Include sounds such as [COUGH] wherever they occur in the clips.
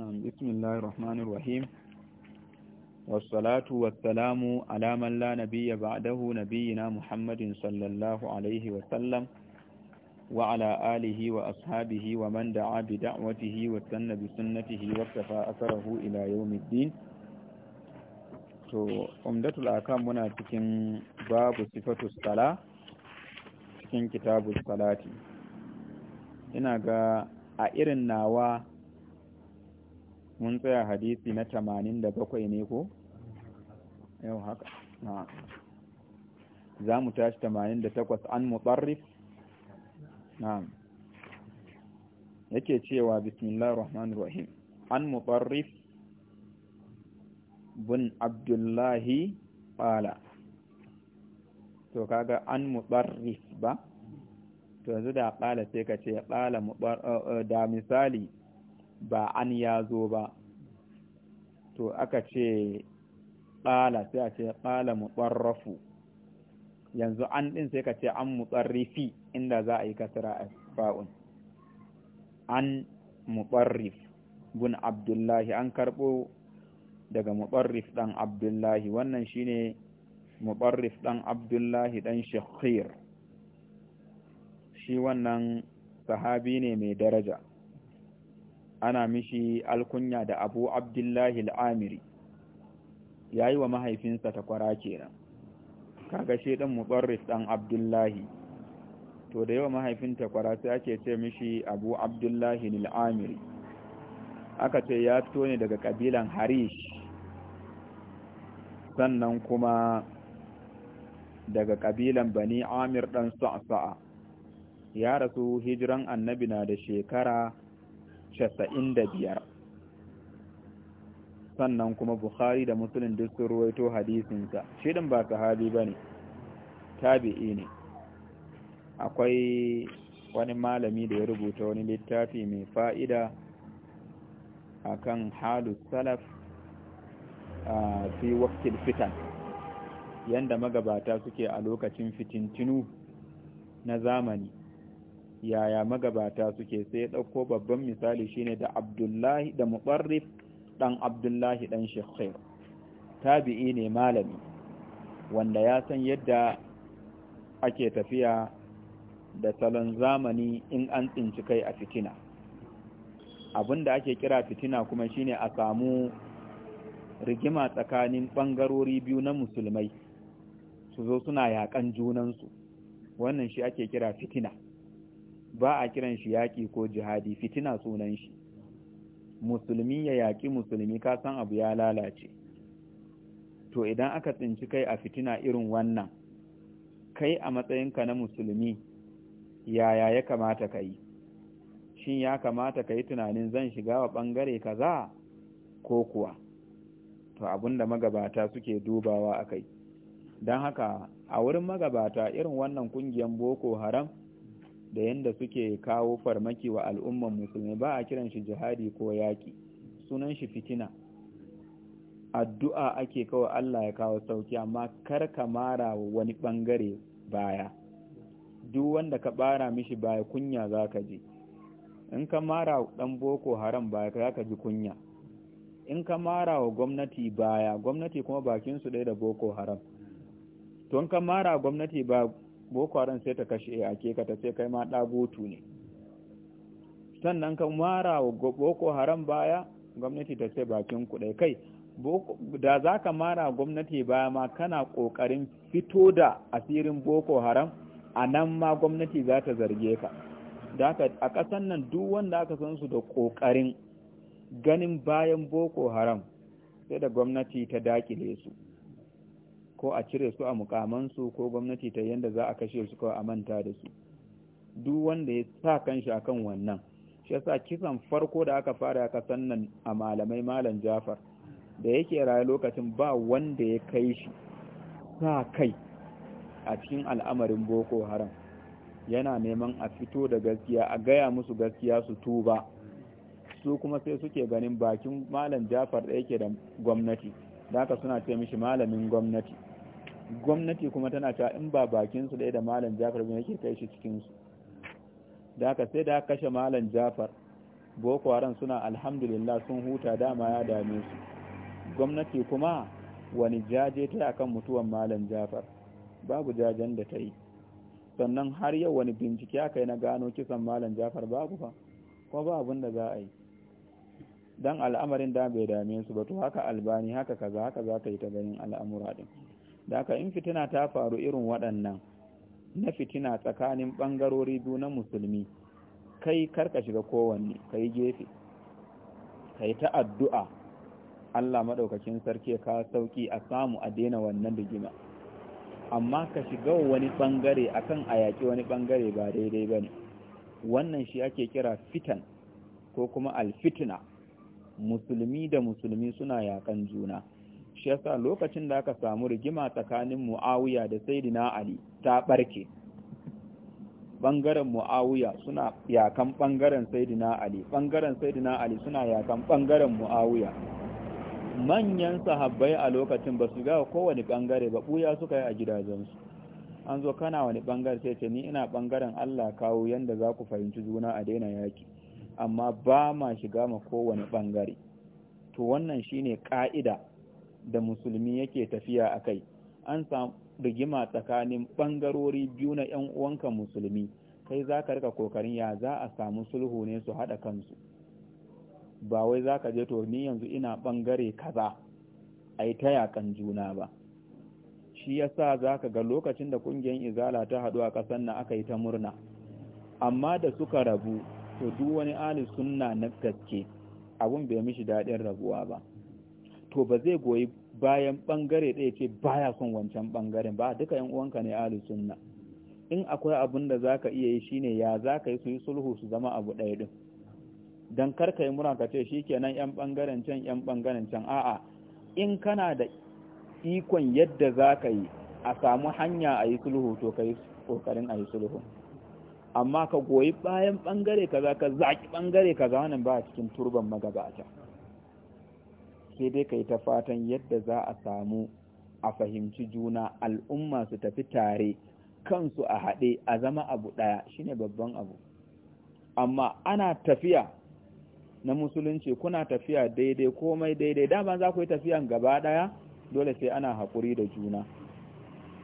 بسم الله الرحمن الرحيم والصلاة والسلام على من لا نبي بعده نبينا محمد صلى الله عليه وسلم وعلى آله وأصحابه ومن دعا بدعوته واستنى بسنته واكتفى أثره إلى يوم الدين to umdatul akam muna cikin babu sifatu sala cikin kitabul salati ina ga a irin nawa mun tsaya hadisi na tamanin da bakwai ne ko yau haka za mu tashi tamanin da takwas an mutsarrif na yake cewa bismillah rahman rahim an mutsarrif bin abdullahi ƙala to kaga an mutsarrif ba to yanzu da ƙala sai ka ce ƙala eh, eh, da misali ba an ya zo ba to aka ce ƙala sai a ce ƙala mutsarrafu yanzu an ɗin sai ka ce an mutsarrifi inda za a yi kasara a fa'un an mutsarrif bun abdullahi an karɓo daga mutsarrif ɗan abdullahi wannan shi mu mutsarrif ɗan abdullahi ɗan shakhir shi wannan sahabi ne mai daraja ana mishi alkunya da abu abdullahi al'amiri ya yi wa mahaifinsa takwara kenan kaga shi ɗan mubarris ɗan abdullahi to da yawa mahaifin takwara sai ake ce mishi abu abdullahi al'amiri aka ce ya fito ne daga ƙabilan harish sannan kuma daga ƙabilan bani amir ɗan sa'a ya rasu hijiran annabi na da shekara casa'in da biyar sannan kuma bukhari da musulun duk sun ruwaito hadisinsa shidan ba sahabi ba ne tabi'i ne akwai wani malami da ya rubuta wani littafi mai fa'ida a kan halu salaf a fi wakil fitan yadda magabata suke a lokacin fitintinu na zamani yaya magabata suke sai ɗauko babban misali shine da abdullahi da mubarrif ɗan abdullahi ɗan shekhair tabi'i ne malami wanda ya san yadda ake tafiya da salon zamani in an tsinci kai a fitina da ake kira fitina kuma shine a samu rigima tsakanin ɓangarori biyu na musulmai su zo suna yaƙan junansu wannan shi ake kira fitina ba a kiran shi yaƙi ko jihadi fitina sunan shi musulmi ya yaƙi musulmi ka san abu ya lalace to idan aka tsinci kai a fitina irin wannan kai a matsayinka na musulmi yaya ya kamata ka yi shin ya kamata ka yi tunanin zan shiga wa ɓangare kaza ko kuwa to abin da magabata suke dubawa a kai don haka a wurin magabata irin wannan ƙungiyar boko haram da yanda suke kawo farmaki wa al'umman musulmi ba a kiran shi jihadi ko yaƙi sunan shi fitina addu'a ake kawo Allah ya kawo sauki amma kar ka mara wani ɓangare baya duk wanda ka ɓara mishi baya kunya za ka ji in ka mara ɗan boko haram baya za ka ji kunya in ka mara wa gwamnati baya gwamnati kuma bakinsu ɗaya da boko haram to in ka mara gwamnati ba boko haram sai ta kashe a ke ka ta sai kai ma ɗag'otu ne sannan ka mara boko haram baya gwamnati ta sai bakin kuɗai kai da za ka mara gwamnati baya ma kana ƙoƙarin fito da asirin boko haram a nan ma gwamnati za ta zarge ka a ƙasan nan duk wanda aka san su da ƙoƙarin ganin bayan boko haram sai da gwamnati ta dakile su ko a cire su a mukamansu ko gwamnati ta yanda za a kashe su kawai a manta da su duk wanda ya sa kanshi akan wannan shi yasa kisan farko da aka fara ya kasan nan a malamai malam Jafar da yake raye lokacin ba wanda ya kai shi sa kai a cikin al'amarin Boko Haram yana neman a fito da gaskiya a gaya musu gaskiya su tuba su kuma sai suke ganin bakin malam Jafar da yake da gwamnati da aka suna ce mishi malamin gwamnati gwamnati kuma tana cewa in ba bakin su da malam Jafar ne yake kai shi cikin su da ka sai da kashe malam Jafar boko haram suna alhamdulillah sun huta dama ya dame su gwamnati kuma wani jaje ta akan mutuwan malam Jafar babu jajen da ta yi sannan har yau wani bincike aka yi na gano kisan malam Jafar babu fa, ko ba abin da za a yi dan al'amarin da bai dame su ba to haka albani haka kaza haka za ka yi ta ganin al'amura din da haka in fitina ta faru irin waɗannan na fitina tsakanin ɓangarori biyu na musulmi kai karka shiga kowanne ka yi gefe ka yi ta addu'a Allah maɗaukakin sarki ka sauki a samu a daina wannan rigima amma ka shiga wani ɓangare akan a yaƙi wani ɓangare ba daidai ba ne wannan shi ake kira fitan ko kuma alfitina musulmi da musulmi suna yaƙan juna shi yasa lokacin da aka samu rigima tsakanin mu'awiya da saidina ali ta barke bangaren mu'awiya suna yakan bangaren saidina ali bangaren saidina ali suna yakan bangaren mu'awiya manyan sahabbai a lokacin ba su ga kowane bangare ba buya suka yi a gidajensu an zo kana wani bangare sai ce ni ina bangaren Allah kawo yadda za ku fahimci juna a daina yaki amma ba ma shiga ma kowane bangare to wannan shine ka'ida da musulmi yake tafiya a kai an samu rigima tsakanin ɓangarori biyu na ‘yan uwanka musulmi kai za ka rika kokarin ya za a samu sulhu ne su haɗa kansu ba wai za ka je to ni yanzu ina ɓangare kaza a yi ta yakan juna ba shi ya sa za ka ga lokacin da ƙungiyar izala ta haɗu a ƙasar na aka yi ta murna amma da suka rabu to duk wani alis sunna na gaske abun bai mishi daɗin rabuwa ba to ba zai goyi bayan bangare ɗaya ce baya son wancan bangaren ba duka yan uwanka ne ahli sunna in akwai abun da zaka iya yi shine ya zaka yi su yi sulhu su zama abu ɗaya din dan kar yi mura ka ce shikenan yan bangaren can yan bangaren can a'a in kana da ikon yadda zaka yi a samu hanya a yi sulhu to ka kokarin a yi sulhu amma ka goyi bayan bangare kaza ka zaki bangare kaza wannan ba cikin turban magabata sai dai ka yi ta fatan yadda za a samu a fahimci juna al'umma su tafi tare kansu a haɗe a zama abu ɗaya shine babban abu amma ana tafiya na musulunci kuna tafiya daidai komai daidai dama za ku yi tafiyan gaba ɗaya dole sai ana haƙuri da juna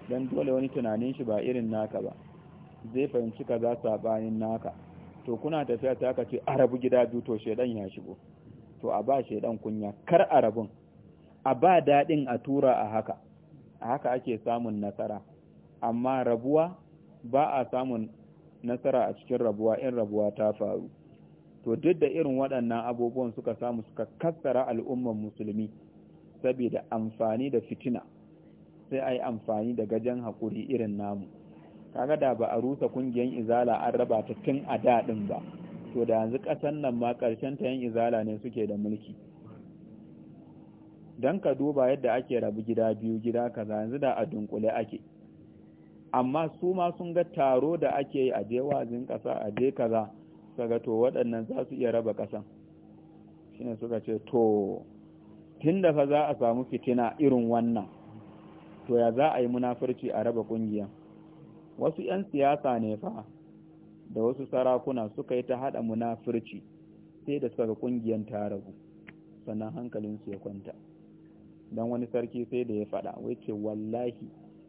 don dole wani tunanin shi ba irin naka ba zai fahimci ka za saɓanin naka to kuna tafiya ta ka ce arabu gida biyu to shaidan ya shigo to a ba shi ɗan kunya kar a rabun a ba daɗin a tura a haka a haka ake samun nasara amma rabuwa ba a samun nasara a cikin rabuwa in rabuwa ta faru to duk da irin waɗannan abubuwan suka samu suka kassara al'umman musulmi saboda amfani da fitina sai a yi amfani da gajen hakuri irin namu kaga da ba a rusa ƙungiyar izala an raba ta tun a daɗin ba to da yanzu ƙasan nan ma ƙarshen ta yan izala ne suke da mulki Dan ka duba yadda ake rabu gida biyu gida kaza yanzu da a dunkule ake amma su ma sun ga taro da ake yi a je ƙasa a je kaza kaga to waɗannan za su iya raba ƙasan ne suka ce to tun da fa za a samu fitina irin wannan to ya za a yi munafurci a raba ƙungiya wasu 'yan siyasa ne fa da wasu sarakuna suka yi ta haɗa munafirci sai da suka ga ƙungiyar ta ragu sannan hankalinsu ya kwanta don wani sarki sai da ya faɗa wai ce wallahi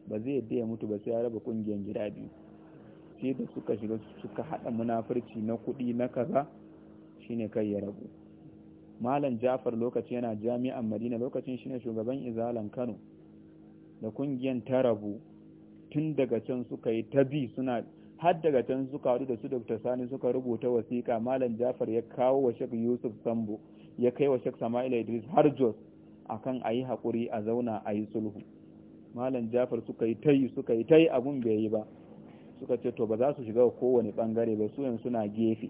ba zai yadda ya mutu ba sai ya raba ƙungiyar gida biyu sai da suka shiga suka haɗa munafirci na kuɗi na kaza shine kai ya ragu malam jafar lokaci yana jami'an madina lokacin shine shugaban izalan kano da kungiyan ta rabu tun daga can suka yi ta bi suna har daga can suka haɗu da su Dr. Sani suka rubuta wasiƙa Malam Jafar ya kawo wa Sheikh Yusuf Sambo ya kai wa Sheikh Sama'ila Idris har Jos akan a yi haƙuri a zauna a yi sulhu. Malam Jafar suka yi tayi suka yi tayi abun bai yi ba suka ce to ba za su shiga kowane bangare ba su yanzu suna gefe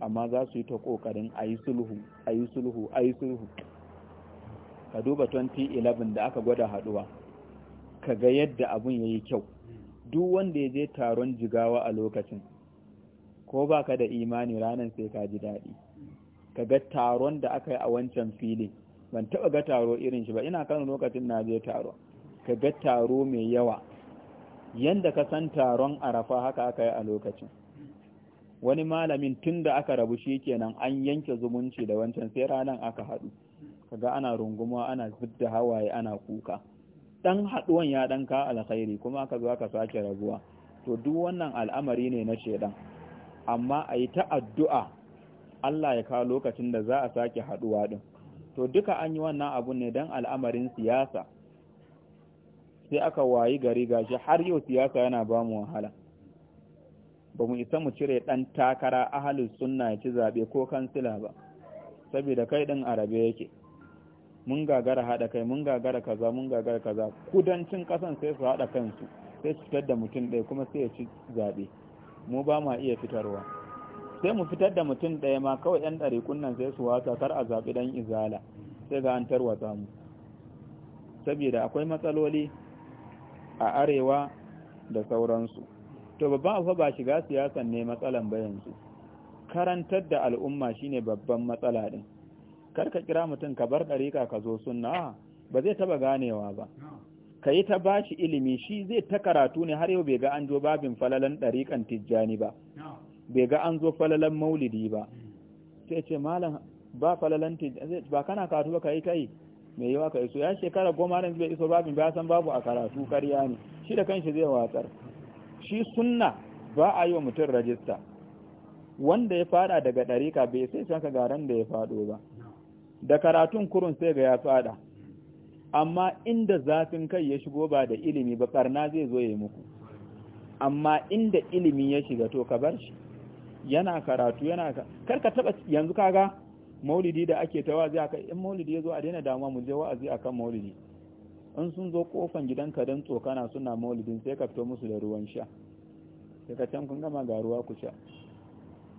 amma za su yi ta kokarin a yi sulhu a yi sulhu a yi sulhu. Ka duba 2011 da aka gwada haɗuwa ka ga yadda abun ya yi kyau. duk wanda ya je taron jigawa a lokacin ko ba ka da imani ranar sai ka ji daɗi ka ga taron da aka yi a wancan filin ban taɓa ga taro irin shi ba ina kan lokacin na je taro ka ga taro mai yawa yanda ka san taron arafa haka aka yi a lokacin wani malamin tun da aka rabu shi kenan an yanke zumunci da wancan sai ranar aka haɗu ka ga ana runguma ana zub da hawaye ana kuka dan haduwan ya dan ka alkhairi kuma aka zo aka sake rabuwa to duk wannan al'amari ne na shedan amma a ta addu'a Allah ya kawo lokacin da za a sake haduwa din to duka an yi wannan abun ne dan al'amarin siyasa sai aka wayi gari gashi har yau siyasa yana ba mu wahala ba mu isa mu cire ɗan takara ahalin sunna ya ci zaɓe ko kansila ba saboda kai ɗin arabe yake mun gagara haɗa kai mun gagara kaza mun gagara kaza kudancin ƙasan sai su haɗa kansu sai su fitar da mutum ɗaya kuma sai ya ci zaɓe mu ba ma iya fitarwa sai mu fitar da mutum ɗaya ma kawai yan ɗari kunnan sai su wata kar a zaɓi ɗan izala sai ga an tarwatsa mu saboda akwai matsaloli a arewa da sauransu to babban abu ba shiga siyasan ne matsalan ba yanzu karantar da al'umma shine babban matsala ɗin kar ka kira mutum ka bar ɗarika ka zo sunna ba zai taba ganewa ba ka yi ta bashi ilimi shi zai ta karatu ne har yau bai ga an zo babin falalan ɗarikan tijjani ba bai ga an zo falalan maulidi ba mm. sai ce malam ba falalan tijjani ba kana karatu ba ka yi ta yi mai yawa ka iso ya shekara goma nan zai iso babin ba san babu a karatu karya ne shi da kanshi zai watsar shi sunna ba a yi wa mutum rajista wanda ya fada daga ɗarika bai sai san ka garan da ya fado ba da karatun kurun sai ga ya fada amma inda zafin kai ya shigo ba da ilimi ba barna zai zo ya muku amma inda ilimi ya shiga to ka bar shi yana karatu yana kar ka taba yanzu kaga maulidi da ake ta wazi aka in maulidi ya zo a daina damuwa mu je wa'azi akan maulidi in sun zo kofan gidanka don tsokana suna maulidin sai ka fito musu da ruwan sha sai ka can kun gama ga ruwa ku sha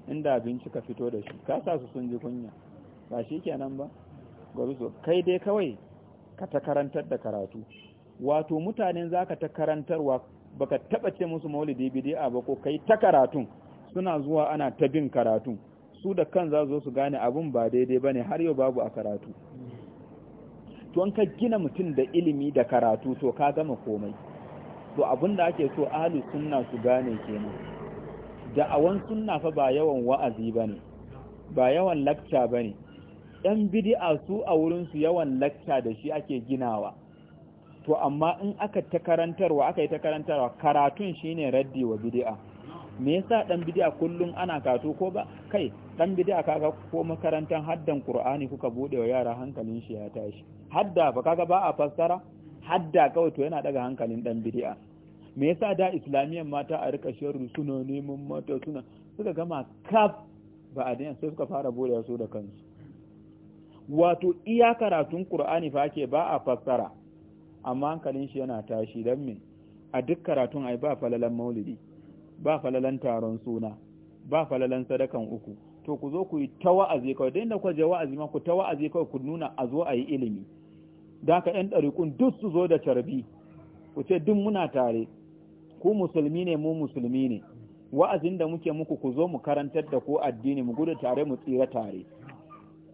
inda abinci ka fito da shi ka sa su sun ji kunya ba shi kenan ba so, kai dai kawai ka ta karantar da karatu wato mutane za ka ta karantarwa ba ka taɓa ce musu maulidi bidi'a ba ko kai ta karatun suna zuwa ana ta bin karatun su da kan za zo su gane abin ba daidai ba ne har yau babu a karatu to ka gina mutum da ilimi da karatu to ka gama komai to abin da ake so ahalus suna su gane kenan da awon suna fa ba yawan wa'azi ba ne, ba yawan lakca ne. ɗan bidi'a su a wurinsu yawan lakta da shi ake ginawa to amma in aka ta karantarwa aka yi ta karantarwa karatun shine raddi wa bidi'a me yasa ɗan bidi'a kullum ana kato ko ba kai ɗan bidi'a kaga ko makarantar haddan qur'ani kuka bude wa yara hankalin shi ya tashi hadda ba kaga ba a fassara hadda kawai to yana daga hankalin ɗan bidi'a me yasa da islamiyan mata a rika sharru suna neman mata suna suka gama kaf ba a sai suka fara buɗe su da kansu wato iya karatun Qur'ani fa ake ba a fassara amma hankalin shi yana tashi dan me a duk karatun ai ba falalan maulidi ba falalan taron suna ba falalan sadakan uku to ku zo ku yi ta wa'azi kawai da inda ku je wa'azi ma ku ta wa'azi ku nuna a zo a yi ilimi da ka yan ɗariƙun duk su zo da carbi ku ce duk muna tare ku musulmi ne mu musulmi ne wa'azin da muke muku ku zo mu karantar da ku addini mu gudu tare mu tsira tare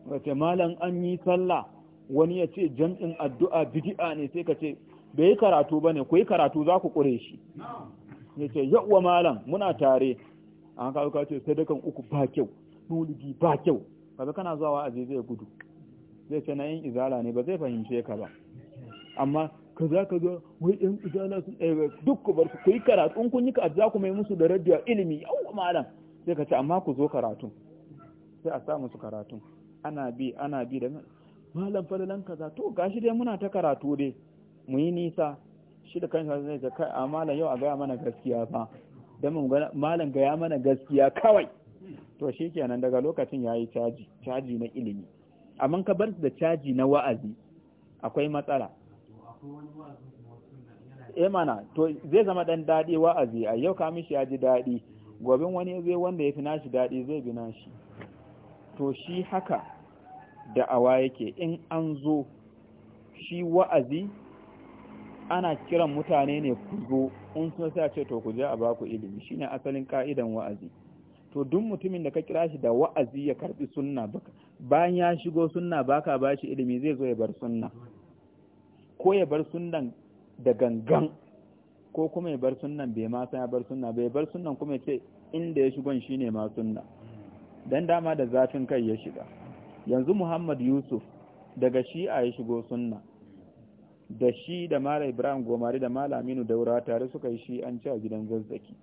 wace malam an yi sallah wani ya ce jam'in addu'a bidi'a ne sai ka ce bai yi karatu ba ne ku yi karatu za ku ƙure shi ya ce yauwa malam muna tare an kawo ka ce sadakan uku ba kyau nuligi ba kyau kaga kana zuwa aje zai gudu zai ce na yin izala ne ba zai fahimce ka ba amma ka za ka ga wai yan izala sun ɗaya eh, duk ku bar ku yi karatu in kun yi ka za ku mai musu da radiyo ilimi yauwa malam sai ka ce amma ku zo karatu sai a sa musu karatu ana bi ana bi da malam falalan kaza to gashi dai muna ta karatu dai mu yi nisa shi da kansa zai ce a malam yau a gaya mana gaskiya fa dan mu ga malam gaya mana gaskiya kawai to shikenan daga lokacin yayi caji caji na ilimi amma ka bar da caji na wa'azi akwai matsala eh mana to zai zama dan dadi wa'azi a yau ka mishi ya ji dadi gobin wani zai wanda ya fi nashi dadi zai bi nashi to shi haka da'awa yake in an zo shi wa'azi ana kiran mutane ne ku zo in sun sai ce to ku je a baku ilimi shine asalin ka'idan wa'azi to duk mutumin da ka kira shi da wa'azi ya karbi sunna bayan ya shigo sunna baka bashi ilimi zai zo ya bar sunna ko ya bar sunnan da gangan ko kuma ya bar sunnan bai ma san ya bar sunna bai bar sunnan kuma ya ce inda ya shigon shine ma sunna dan dama da zafin kai ya shiga yanzu muhammad yusuf daga shi'a ya shigo sunna da shi da mala ibrahim gomari da mala aminu daura tare suka yi shi'anci a gidan zazzaki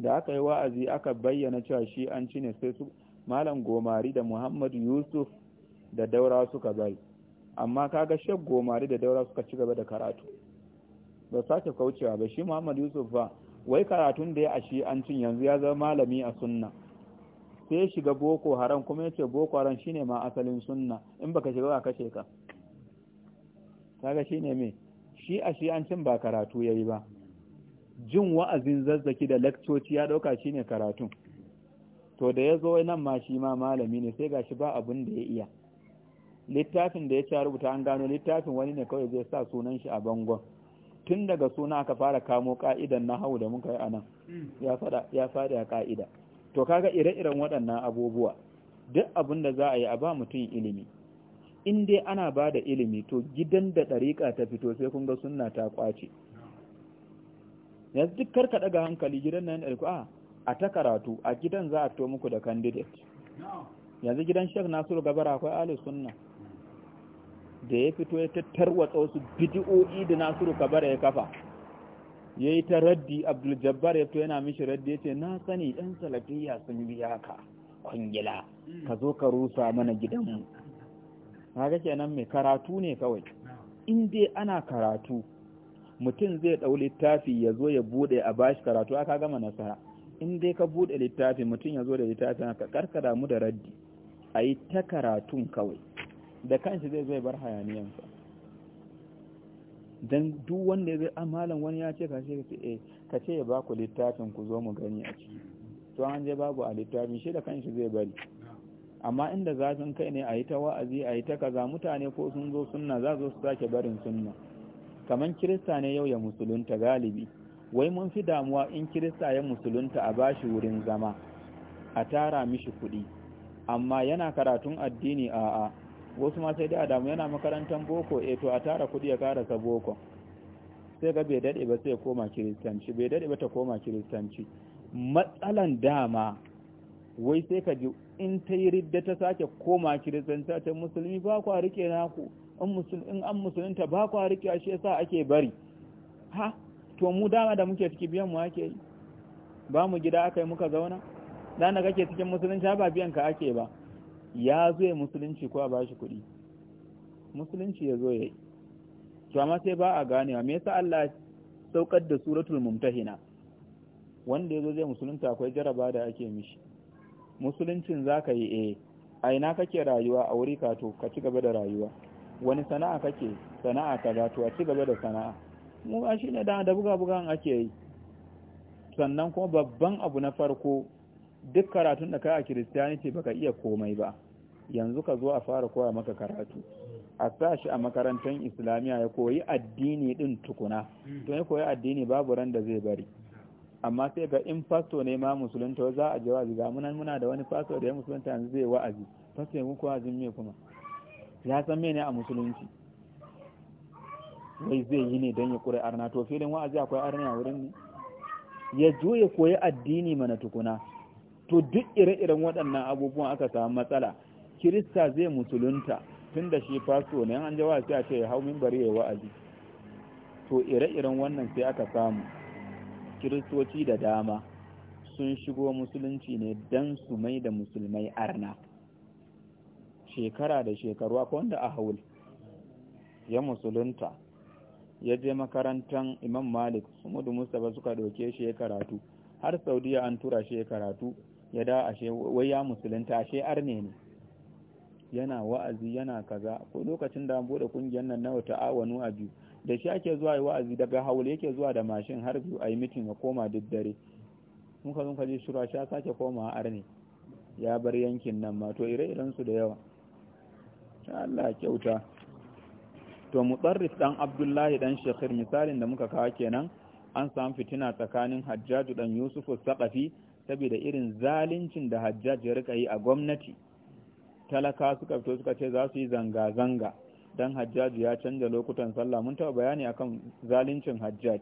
da aka yi wa'azi aka bayyana cewa shi'anci ne sai su malam gomari da muhammad yusuf da daura suka bari amma kaga shek gomari da daura suka ci gaba da karatu ba sake kaucewa ba shi muhammad yusuf ba wai karatun da ya a shi'ancin yanzu ya zama malami a sunna sai ya shiga boko haram kuma ya ce boko haram shine ma asalin sunna in baka shiga ba kashe ka kaga shine me shi a shi an cin ba karatu yayi ba jin wa'azin zazzaki da lakcoci ya dauka shine karatun to da ya zo nan ma shi ma malami ne sai ga shi ba abin da ya iya littafin da ya ci rubuta an gano littafin wani ne kawai zai sa sunan shi a bangon tun daga suna aka fara kamo ka'idan na hau da muka yi a nan hmm. ya fada ya ka'ida to kaga ire-iren waɗannan abubuwa duk abin da za a yi a ba mutum ilimi in dai ana ba da ilimi to gidan da ɗariƙa ta fito sai kun ga sunna ta ƙwace yanzu duk karka daga hankali gidan nan ɗariƙa a ah, a ta karatu a gidan za a to muku da candidate yanzu gidan shek nasiru gabara akwai Ali sunna da ya fito ya tattarwatsa wasu bidi'o'i da nasiru kabara ya kafa ya yi ta raddi abdul ya to yana mishi raddi ya ce na sani ɗan salafiya sun biya ka kwangila ka zo ka rusa mana gidanmu haka kenan mai karatu ne kawai inda ana karatu mutum zai ɗau littafi ya zo ya buɗe a bashi karatu aka gama nasara in dai ka buɗe littafi mutum ya zo da littafi ka karkara mu da raddi a yi ta karatun kawai da kanshi zai zai bar hayaniyansa dan duk wanda ya zai ah, malam wani ya ce ka ce eh ka ce ya baku littafin ku zo mu gani a ciki to an je babu a littafin shi da kanshi zai bari amma inda zafin kai ne a yi ta wa'azi a yi ta kaza mutane ko sun zo sunna za su sake barin sunna kamar kirista ne yau ya musulunta galibi wai mun fi damuwa in kirista ya musulunta a bashi wurin zama a tara mishi kuɗi amma yana karatun addini a'a wasu ma sai dai adamu yana makarantar boko E, to a tara kudi ya karasa boko sai ga bai dade ba sai koma kiristanci bai dade ba ta koma kiristanci matsalan dama wai sai ka ji in ta yi ridda ta sake koma kiristanci ta musulmi ba kwa rike naku in musulmi in an musulunta ba kwa rike shi yasa ake bari ha to mu dama da muke ciki biyan mu ake yi ba mu gida aka yi muka zauna dana kake cikin musulunci ba biyan ka ake ba ya zo ya musulunci ko a ba shi kuɗi musulunci ya zo ya yi to amma sai ba a ganewa me yasa Allah saukar da suratul mumtahina wanda ya zo zai musulunta akwai jaraba da ake mishi musuluncin za ka yi eh a ina kake rayuwa a wuri ka to ka ci gaba da rayuwa wani sana'a kake sana'a ga to a ci gaba da sana'a mu ba shi ne da buga bugan ake yi sannan kuma babban abu na farko duk karatun da ka a kiristiyaniti baka iya komai ba yanzu ka zo a fara koya maka karatu a sa shi a makarantar islamiyya ya koyi addini din tukuna to ya koyi addini babu ran da zai bari amma sai ga in fasto ne ma musulunta za a je wa'azi ga munan muna da wani fasto da ya musulunta yanzu zai wa'azi fasto mun muku wa'azin me kuma ya san mene a musulunci wai zai yi ne don ya kure arna to filin wa'azi akwai arna wurin ne ya juya koyi addini mana tukuna to duk ire-iren waɗannan abubuwan aka samu matsala kirista zai musulunta tun da shi faso ne an jawa sai a ce hau bari ya wa'azi to ire-iren wannan sai aka samu kiristoci da dama sun shigo musulunci ne don su mai da musulmai arna shekara da shekaru akwai wanda a haul ya musulunta ya je makarantar imam malik su mudu ba suka ɗauke shekaratu. har saudiya an tura shekaratu. ya da ashe wai ya musulunta ashe arne ne yana wa'azi yana kaza ko lokacin da an bude kungiyar nan na wata awanu a biyu da shi ake zuwa yi wa'azi daga haule yake zuwa da mashin har biyu a yi mitin ya koma duk dare zo ka ji shura sha sake koma arne ya bar yankin nan ma to ire-iren su da yawa Allah kyauta to mutsarrif dan abdullahi dan shekhir misalin da muka kawo kenan an samu fitina tsakanin hajjaju dan yusufu saqafi saboda irin zalincin da hajjaj ya rika yi a gwamnati talaka suka fito suka ce za su yi zanga-zanga don hajjaj ya canja lokutan sallah mun taɓa bayani akan zalincin hajjaj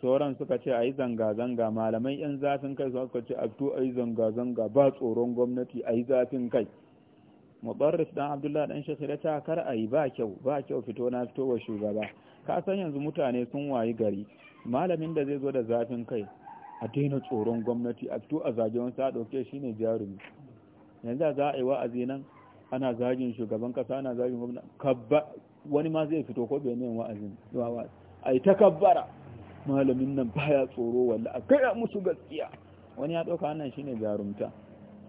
sauran suka ce a yi zanga-zanga malamai 'yan zafin kai suka ce a fito a yi zanga-zanga ba tsoron gwamnati a yi zafin kai mubarris dan abdullahi dan shekhi da ta kar a yi ba kyau ba kyau fito na fito wa shugaba ka san yanzu mutane sun wayi gari malamin da zai zo da zafin kai a daina tsoron gwamnati a fito a zage wani sa ɗauke shi ne jarumi yanzu za a yi wa'azi nan ana zagin shugaban kasa ana zagin gwamnati kabba wani ma zai fito ko bai neman wa'azin wa'azi a yi kabbara malamin nan baya tsoro wanda a kai musu gaskiya wani ya ɗauka wannan shine jarumta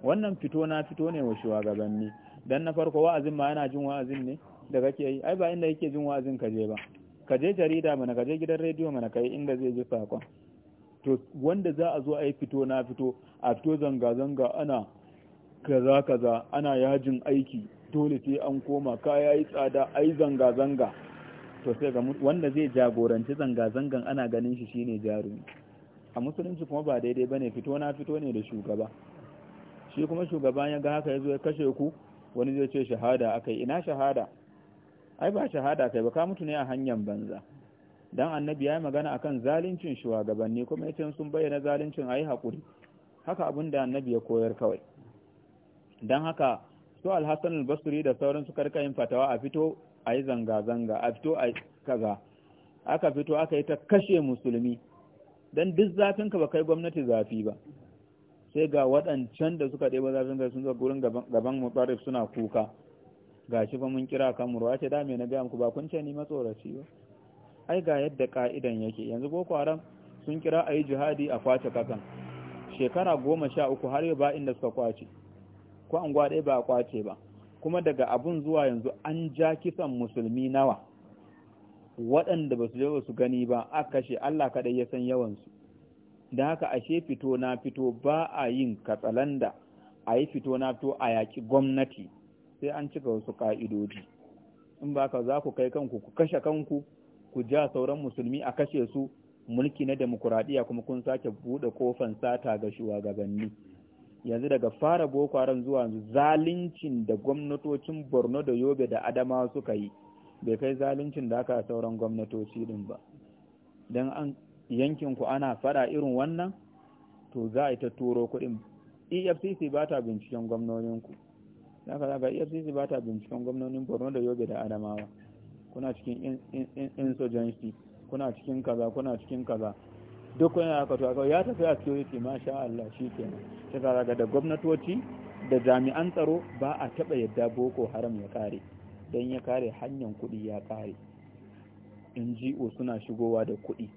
wannan fito na fito ne wa shugabanni dan na farko wa'azin ma yana jin wa'azin ne da kake yi ai ba inda yake jin wa'azin ka je ba ka je jarida mana ka je gidan rediyo mana ka yi inda zai ji sakon to wanda za a zo a yi fito na fito a fito zanga-zanga ana kaza-kaza ana yajin aiki dole sai an koma kaya yi tsada ai zanga-zanga to sai ga wanda zai jagoranci zanga-zangan ana ganin shi shine jarumi a musulunci kuma ba daidai bane fito na fito ne da shugaba shi kuma shugaban ya ga haka yazo ya kashe ku wani zai ce shahada akai ina shahada ai ba shahada kai ba ka mutu ne a hanyar banza dan annabi ya yi magana akan zaluncin shugabanni kuma yace sun bayyana zaluncin ayi hakuri haka abun da annabi ya koyar kawai dan haka su al-Hasan al-Basri da sauran su karkayin fatawa a fito ayi zanga zanga a fito ayi kaza aka fito aka yi ta kashe musulmi dan duk zafin ka ba kai gwamnati zafi ba sai ga waɗancan da suka ɗeba zafin ka sun zo gurin gaban mutarif suna kuka gashi fa mun kira kan murwa ce da me na ga muku ba kun ce ni matsoraci ba ai ga yadda ka'idan yake yanzu boko haram sun kira a yi jihadi a kwace kasan shekara goma sha uku har yau ba inda suka kwace ko an gwaɗe ba a kwace ba kuma daga abun zuwa yanzu an ja kisan musulmi nawa waɗanda ba su je ba su gani ba a kashe Allah kaɗai ya san yawansu da haka ashe fito na fito ba a yin katsalanda a yi fito na fito a yaƙi gwamnati sai an cika wasu ƙa'idoji in ba ka za ku kai kanku ku kashe kanku ku ja sauran musulmi a kashe su mulki na demokuraɗiyya kuma kun sake buɗe kofan sata ga shugabanni yanzu daga fara boko haram zuwa zaluncin da gwamnatocin borno da yobe da adamawa suka yi bai kai zaluncin da aka sauran gwamnatoci din ba don an ku ana fada irin wannan to za a yi ta turo kuɗin efcc ba ta binciken gwamnoninku za ka za ka efcc ba ta binciken gwamnonin borno da yobe da adamawa kuna cikin insurgency kuna cikin kaza kuna cikin kaza duk wani aka to ya tafi a yake masha Allah shikenan ta tsara ga da gwamnatoci da jami'an tsaro ba a taɓa yadda boko haram ya kare don ya kare hanyar kuɗi ya kare in NGO suna shigowa da kuɗi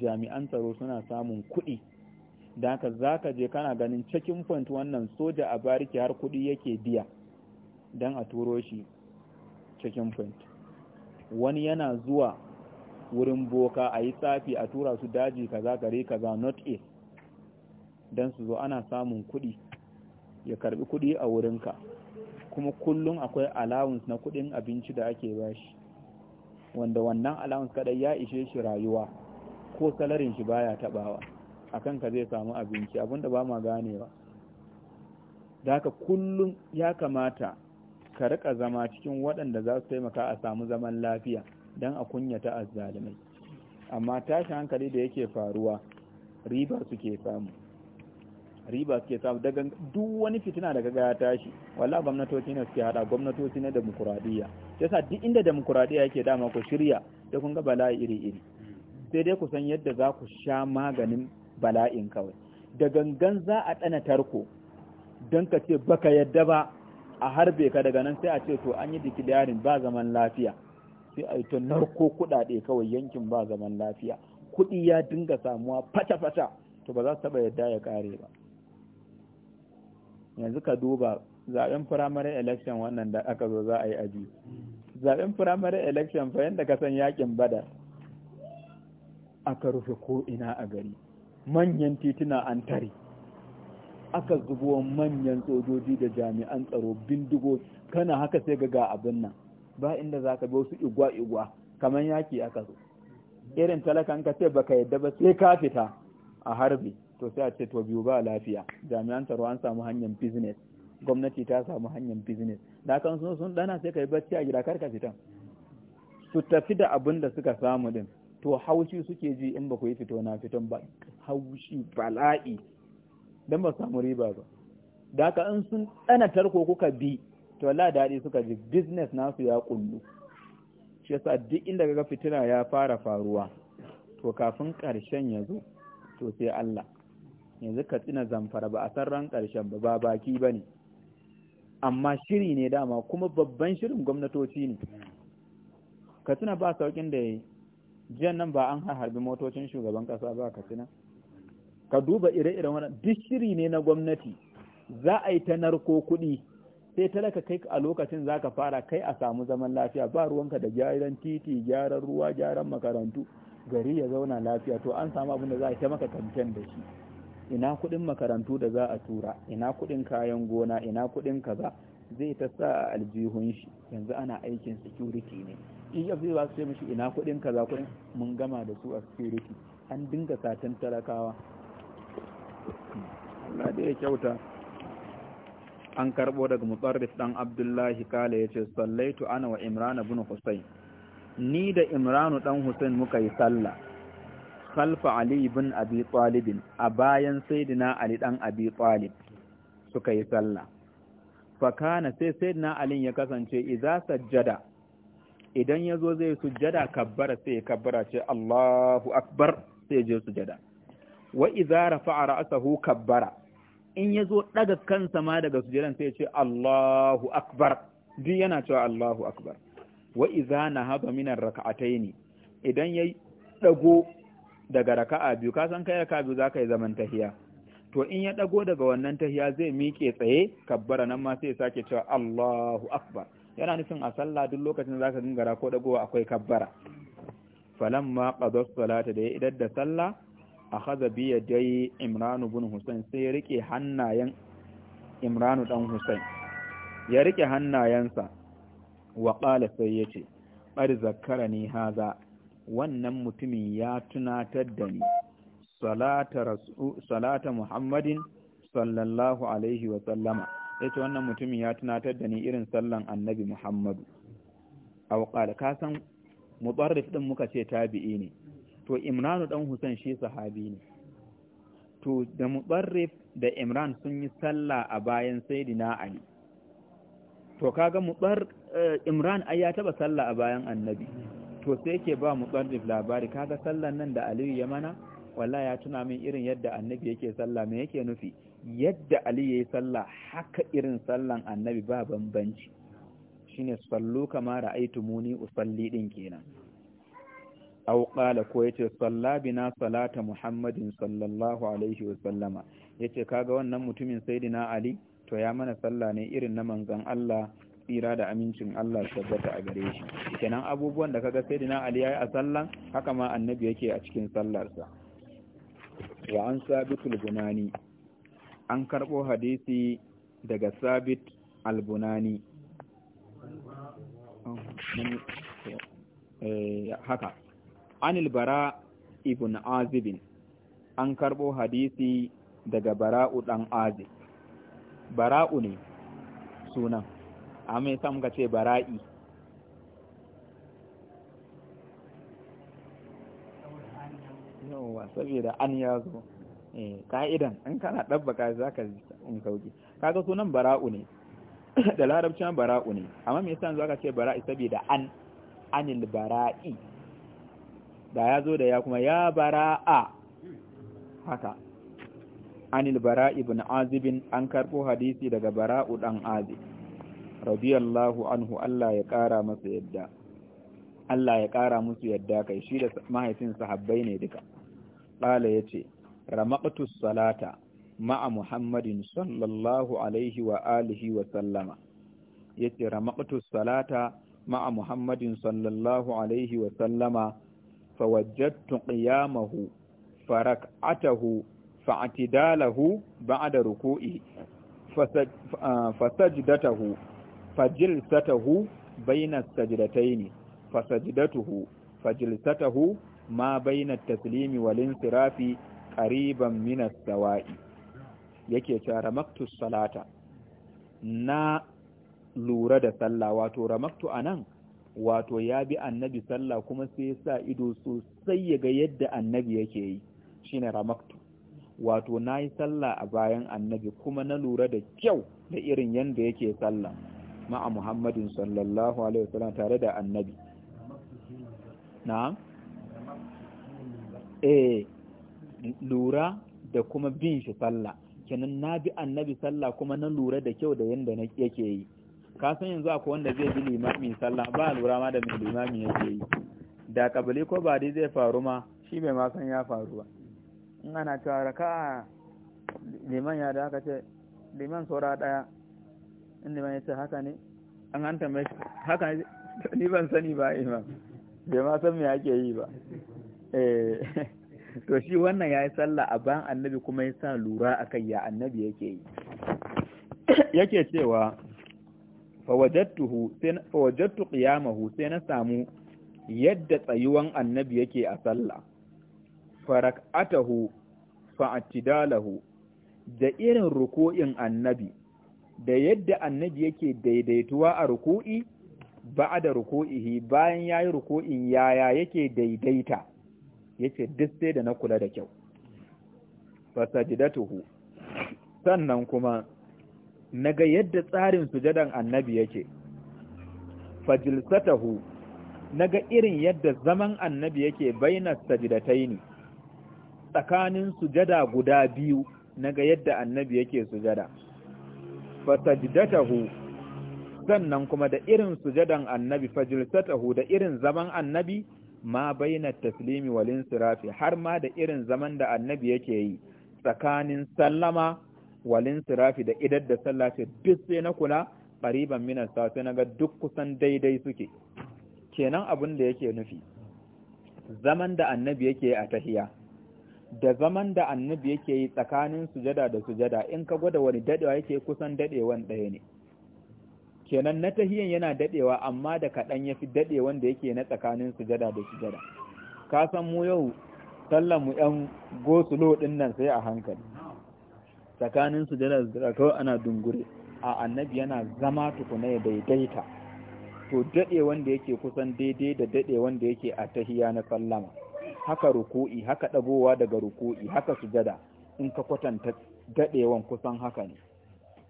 jami'an tsaro suna samun kuɗi da haka za ka je kana ganin cikin point wannan soja a bariki har kuɗi yake biya don a turo shi cikin point wani yana zuwa wurin boka a yi tsafi a tura su daji kaza gare kaza not a don su zo ana samun kuɗi ya karbi kuɗi a wurinka kuma kullum akwai allowance na kuɗin abinci da ake bashi wanda wannan allowance kadai ya ishe shi rayuwa ko salarin shi baya tabawa akan ka zai samu abinci abinda ba ma ganewa da haka kullum ya kamata ka rika zama cikin waɗanda za su taimaka a samu zaman lafiya don a kunyata azzalimai amma tashi hankali da yake faruwa riba suke samu riba suke samu daga duk wani fitina daga ga tashi walla gwamnatoci ne suke hada gwamnatoci na mukuradiyya yasa duk inda mukuradiyya yake dama ku shirya da kun ga bala'i iri-iri sai dai ku san yadda za ku sha maganin bala'in kawai da gangan za a ɗana tarko don ka ce baka yadda ba a harbe ka daga nan sai a ce to an yi dikidarin ba zaman lafiya sai a yi ta narko kuɗaɗe kawai yankin ba zaman lafiya kuɗi ya dinga samuwa fata-fata to ba za su taɓa yadda ya kare ba yanzu ka duba zaben firamare election wannan da aka zo za a yi aji zaben firamare election fa yadda ka san yakin badar aka rufe ko ina a gari manyan tituna an tare aka zubo manyan sojoji da jami'an tsaro bindigo kana haka sai ga ga abin nan ba inda za ka bi wasu igwa-igwa kamar yaki aka zo irin talakan ka ce baka yadda ba sai ka fita a harbi to sai a ce to biyu ba lafiya jami'an tsaro an samu hanyar business gwamnati ta samu hanyar business da kan sun sun dana sai ka yi bacci a gida karka fitan su tafi da abin da suka samu din to haushi suke ji in ba ku yi fito na fiton ba haushi bala'i don ba samu riba ba da haka in sun tsana tarko kuka bi to Allah daɗi suka ji business nasu ya kullu shi yasa duk inda kaga fitina ya fara faruwa to kafin ƙarshen ya zo to sai Allah yanzu ka tsina zamfara ba a san ran ƙarshen ba ba baki ba ne amma shiri ne dama kuma babban shirin gwamnatoci ne Katsina ba saukin da ya yi jiyan nan ba an harbi motocin shugaban ƙasa ba Katsina? ka duba ire-iren wannan duk shiri ne na gwamnati za a yi ta narko kuɗi sai talaka kai a lokacin za ka fara kai a samu zaman lafiya ba ruwanka da gyaran titi gyaran ruwa gyaran makarantu gari ya zauna lafiya to an samu abin da za a ta maka kamfen da shi ina kuɗin makarantu da za a tura ina kuɗin kayan gona ina kuɗin kaza zai ta sa a aljihun shi yanzu ana aikin security ne EF zai ba su ce mishi ina kuɗin kaza kuɗin mun gama da su a security an dinga satan talakawa Allah da ya kyauta an karbo daga mutsarrif ɗan abdullahi kala ya ce sallaitu ana wa imran ibn husayn ni da imranu dan husayn muka yi salla. khalfa ali ibn abi talib a bayan sayyidina ali dan abi talib suka yi sallah fakana sai sayyidina ali ya kasance idza sajjada idan yazo zai sujjada kabbara sai kabbara ce Allahu akbar sai je sujjada wa idza rafa'a ra'sahu kabbara in yazo daga kansa ma daga sujudan sai ya ce Allahu akbar duk yana cewa Allahu akbar wa na nahaba min raka'atai ne. idan yayi dago daga raka'a biyu ka san kai raka'a biyu zaka yi zaman tahiya to in ya ɗago daga wannan tahiya zai miƙe tsaye kabbara nan ma sai ya sake cewa Allahu akbar yana nufin a sallah duk lokacin da zaka gingara ko dagowa akwai kabbara falamma qada salata da ya idar da sallah akhadha bi yadai Imran ibn Husayn sai ya rike hannayen Imran dan Husayn ya rike hannayensa wa qala sai yace qad zakkarani hadha wannan mutumin ya tunatar da ni salata salata Muhammadin sallallahu alaihi wa sallama yace wannan mutumin ya tunatar da ni irin sallan Annabi Muhammadu aw qala kasan san mutarrif din muka ce tabi'i ne to imranu dan Hussein shi sahabi ne to da mubarrif da imran sun yi sallah a bayan sayyidina ali to kaga mubar eh, imran ai ya taba salla a bayan annabi to sai yake ba mubarrif labari kaga sallan nan da aliyu ya mana wallahi ya tuna min irin yadda annabi yake salla me yake nufi yadda ali yayi salla haka irin sallan annabi ba bambanci shine sallu kama ra'aytumuni usalli din kenan aw qala ko yace sallabina salata muhammadin sallallahu alaihi wa sallama yace kaga wannan mutumin saidina ali to ya mana sallah ne irin na manzon Allah tsira da amincin Allah tabbata a gare shi kenan abubuwan da kaga sayyidina ali yayi a sallan haka ma annabi yake a cikin sallarsa wa an sabitul bunani an karbo hadisi daga sabit albunani oh, eh, haka anil bara ibn azibin an karɓo hadisi daga bara'u ɗan azib bara'u ne sunan amma yasa muka ce bara'i yawa saboda an ya zo eh, ka'idan in kana ɗabbaka za ka in sauki kaga sunan bara'u ne [COUGHS] da larabcin bara'u ne amma me yasa za ka ce bara'i saboda an anil bara'i da ya zo da ya kuma ya bara'a haka anil bara ibn azibin an karbo hadisi daga bara'u dan azib radiyallahu anhu Allah ya kara masa yadda Allah ya kara musu yadda kai shi da mahaifin sahabbai ne duka qala yace ramaqtu salata ma'a muhammadin sallallahu alaihi wa alihi wa sallama yace ramaqtu salata ma'a muhammadin sallallahu alaihi wa sallama فوجدت قيامه فركعته فاعتداله بعد ركوعه فسجدته فجلسته بين السجدتين فسجدته فجلسته ما بين التسليم والانصراف قريبا من السواء yake cewa ramaktu salata na lura da sallah wato ramaktu anan wato ya bi annabi sallah kuma sai ya sa ido sosai ya ga yadda annabi yake yi shine ramaktu wato na yi sallah a bayan annabi kuma na lura da kyau da irin yadda yake sallah ma'a muhammadin sallallahu alaihi wasallam tare da annabi na eh lura da kuma bin shi sallah kenan na bi annabi sallah kuma na lura da kyau da yadda yake yi ka san yanzu akwai wanda zai bi limami sallah ba lura ma da limami yake yi da kabali ko ba dai zai faru ma shi bai ma san ya faru ba in ana cewa raka liman ya da aka ce liman saura daya in liman ya ce haka ne an an tambaye shi haka ne [LAUGHS] ni ban sani ba imam bai ma san me ake yi ba eh [LAUGHS] to shi wannan ya yi sallah a ban annabi kuma ya sa lura akan ya annabi yake yi [COUGHS] yake cewa fawajattu qiyamahu sai na samu yadda tsayuwan annabi yake a sallah farak'atahu fa'tidalahu da irin ruku'in annabi da yadda annabi yake daidaituwa a ruku'i ba'da da ruku'ihi bayan yayi ruku'in yaya yake daidaita yace duk sai da na kula da kyau fasajidatuhu sannan kuma naga yadda tsarin sujadan annabi yake fajilsatahu naga irin yadda zaman annabi yake baina sajidataini tsakanin sujada guda biyu naga yadda annabi yake sujada fasajdatahu sannan kuma da irin sujadan annabi fajilsatahu da irin zaman annabi ma baina taslimi wal har ma da irin zaman da annabi yake yi tsakanin sallama walin sirafi da idar da sallah ce duk sai na kula ƙariban minan sa sai na ga duk kusan daidai suke kenan abin da yake nufi zaman da annabi yake a tahiya da zaman da annabi yake yi tsakanin sujada da sujada in ka gwada wani dadewa yake kusan dadewan ɗaya ne kenan na tahiyan yana dadewa amma da kaɗan ya fi dadewan da yake na tsakanin sujada da sujada ka san mu yau sallan mu yan gosulo ɗin sai a hankali tsakanin su da kawai ana dungure a annabi yana zama tukuna ya daidaita to daɗe wanda yake kusan daidai da daɗe wanda yake a tahiya na sallama haka ruku'i haka ɗagowa daga ruku'i haka sujada in ka kwatanta daɗewan kusan haka ne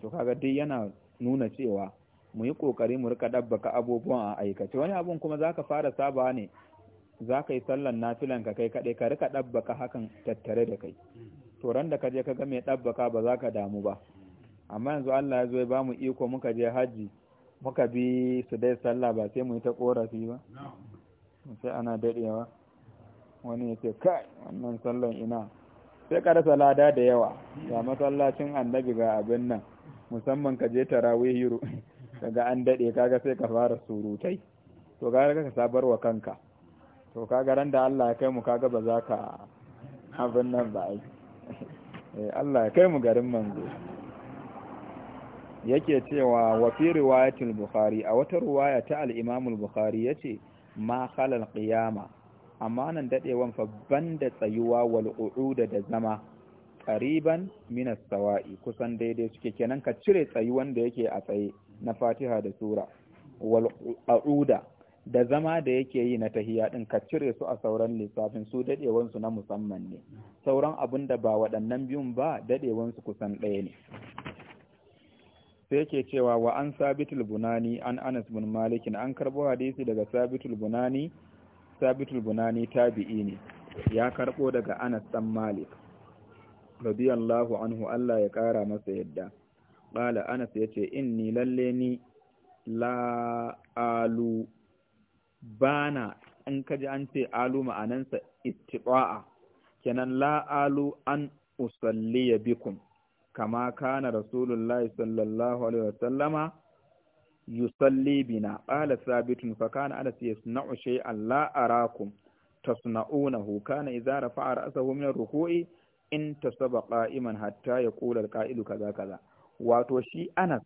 to kaga dai yana nuna cewa mu yi ƙoƙari mu rika ɗabbaka abubuwan a aikace wani abun kuma zaka fara saba ne za ka yi sallan nafilan ka kai kaɗai ka rika ɗabbaka hakan tattare da kai to ran da ka je ka ga mai ɗabbaka ba za ka damu ba amma yanzu Allah ya zo ya bamu iko muka je haji muka bi su dai sallah ba sai mu yi ta korafi ba sai ana dadewa wani ya ce kai wannan sallan ina sai ka rasa lada da yawa ga masallacin annabi ga abin nan musamman ka je tarawihi kaga an dade kaga sai ka fara surutai to ga ka sabar wa kanka to kaga ran da Allah ya kai mu kaga ba za ka abin nan ba ai Eh, Allah ya kai mu garin manzo yake cewa wa fi riwayatul bukhari a wata riwaya ta al-imam al-bukhari yace ma khalal qiyama amma nan dadewan fa banda tsayuwa wal u'uda da zama qariban min as-sawa'i kusan daidai suke kenan ka cire tsayuwan da yake a tsaye na Fatiha da sura wal u'uda da zama da yake yi na tahiya ɗin ka cire su a sauran lissafin su daɗewansu na musamman ne sauran abin da ba waɗannan biyun ba daɗewansu kusan ɗaya ne sai ke cewa wa an sabitul bunani an anas bin malikin an karɓo hadisi daga sabitul bunani sabitul bunani tabi'i ne ya karɓo daga anas dan malik radiyallahu anhu Allah ya ƙara masa yadda qala anas yace inni lalle ni la alu bana in kaji an ce alu ma'anansa istiba'a kenan la alu an usalli bikum kama kana rasulullahi sallallahu alaihi wasallama yusalli bina qala thabitun fa kana anas yasna'u shay'an la arakum tasna'unahu kana idza rafa'a ra'sahu min ar-ruku'i in tasaba qa'iman hatta yaqula al qaidu kaza kaza wato shi anas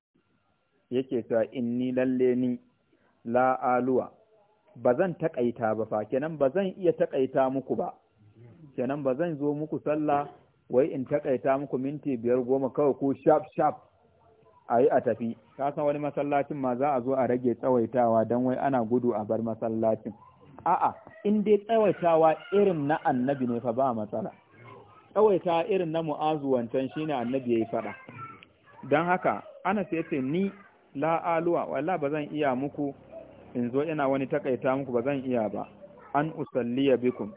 yake cewa inni lalle ni la aluwa ba zan taƙaita ba fa kenan ba zan iya taƙaita muku ba kenan ba zan zo muku sallah wai in taƙaita muku minti biyar goma kawai ko sharp sharp a yi a tafi ka san wani masallacin ma za a zo a rage tsawaitawa don wai ana gudu a bar masallacin a'a in dai tsawaitawa irin na annabi ne fa ba matsala tsawaitawa irin na mu'azu wancan shine annabi ya yi faɗa. don haka ana sai ce ni la'aluwa wala wallahi ba zan iya muku in zo ina wani takaita muku ba zan iya ba an usalliya bikum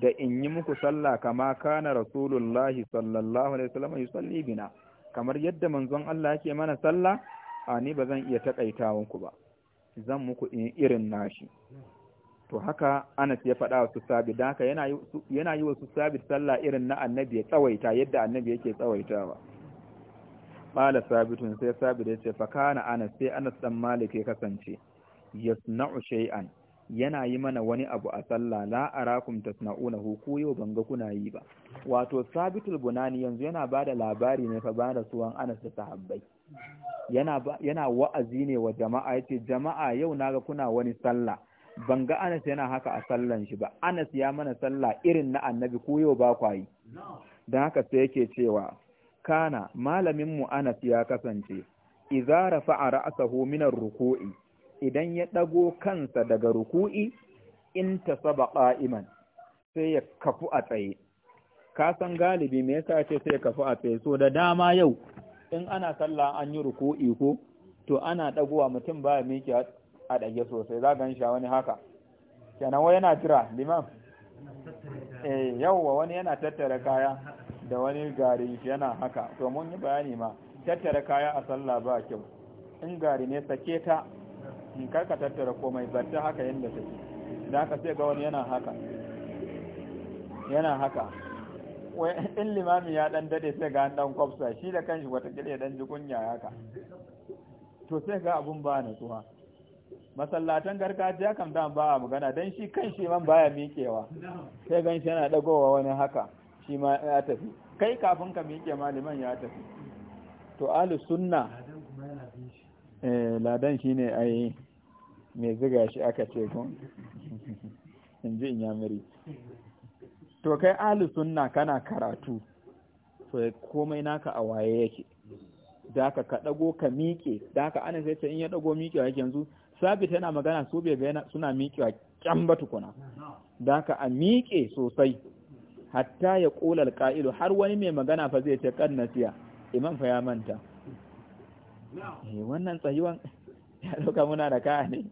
da in yi muku sallah kama kana rasulullahi sallallahu alaihi wasallam yusalli bina kamar yadda manzon Allah yake mana sallah a ni ba zan iya takaita muku ba zan muku irin nashi to haka Anas ya faɗa su sabi da haka yana yi wa su sabi sallah irin na annabi ya tsawaita yadda annabi yake tsawaitawa Mala sabitun sai sabit ya ce fa kana Anas sai Anas dan Malik ya kasance yasna'u shay'an yana yi mana wani abu a sallah la arakum tasna'unahu ku yau ban ga kuna yi ba wato sabitul bunani yanzu yana bada labari ne fa bada suwan Anas da sahabbai yana yana wa'azi ne wa jama'a yace jama'a yau naga kuna wani sallah ban ga Anas yana haka a sallan shi ba Anas ya mana sallah irin na annabi ku yau ba yi? dan haka sai yake cewa kana malamin mu Anas ya kasance idza rafa'a ra'sahu min ar-ruku'i idan ya ɗago kansa daga ruku'i in ta saba ƙa'iman sai ya kafu a tsaye. Ka san galibi me yasa ce sai ya kafu a tsaye, so da dama yau in ana sallah an yi ruku'i ko, to ana ɗagowa mutum ba ya miki a ɗage sosai za gan sha wani haka. Kenan wai yana jira, liman? Eh, yawwa wani yana tattara kaya da wani gari yana haka, to mun yi bayani ma, tattara kaya a sallah ba kyau. In gari ne sake ta in hmm, karka tattara komai barta haka yadda take da aka sai ga wani yana haka yana haka in limami ya dan dade sai ga dan kwafsa shi da kanshi watakila ya dan ji kunya haka to sai ga abun ba na tsuwa masallatan gargajiya kam dan ba a magana dan shi kanshi man baya miƙewa sai ganshi yana dagowa wani haka shi ma ya tafi kai kafin ka miƙe maliman ya tafi to ahlus sunna Eh, ladan shi ne a yi mai ziga shi aka ce kun [LAUGHS] in ji to kai ahli sunna kana karatu to komai naka a waye yake da ka ka dago ka miƙe da ka ana sai in ya dago miƙewa yake yanzu sabi tana magana su bai bayana suna wa kyan ba tukuna da ka a miƙe sosai hatta ya ƙolar ƙa'idu har wani mai magana fa zai ce kan nasiya imam fa ya manta Eh, wannan tsayuwan [LAUGHS] ya dauka muna da kaya ne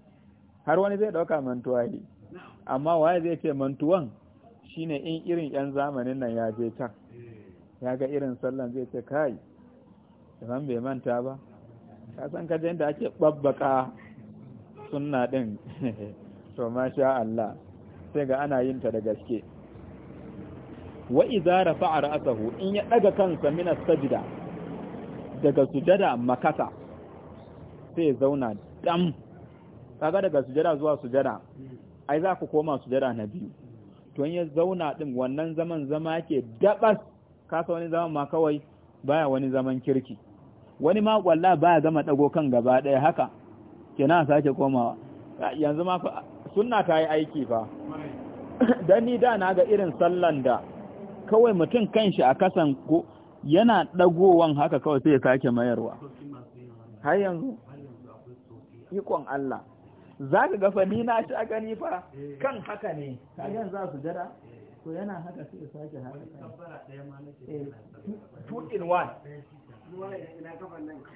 har wani zai dauka mantuwa ne amma waye zai ce mantuwan shine in irin yan zamanin nan ya je can ya ga irin sallan zai ce kai idan bai manta ba ka san ka da ake babbaka sunna din [LAUGHS] to masha Allah sai ga ana yin ta da gaske wa idza rafa'a ra'sahu in ya daga kansa min as-sajda daga sujada makasa sai zauna dam kaga daga sujada zuwa sujada ai za ku koma sujada na biyu to ya zauna din wannan zaman zama yake dabas kasa wani zaman ma kawai baya wani zaman kirki wani ma kwalla baya zama dago kan gaba daya haka kina sake komawa yanzu ma sunna ta yi aiki fa dan ni da na ga irin sallan da kawai mutum kanshi a kasan yana ɗagowan haka kawai sai ya sake mayarwa har yanzu ikon Allah za ka gafa ni na ci a gani fa kan haka ne kagen za su jada to yana haka sai ya sake haka eh, two in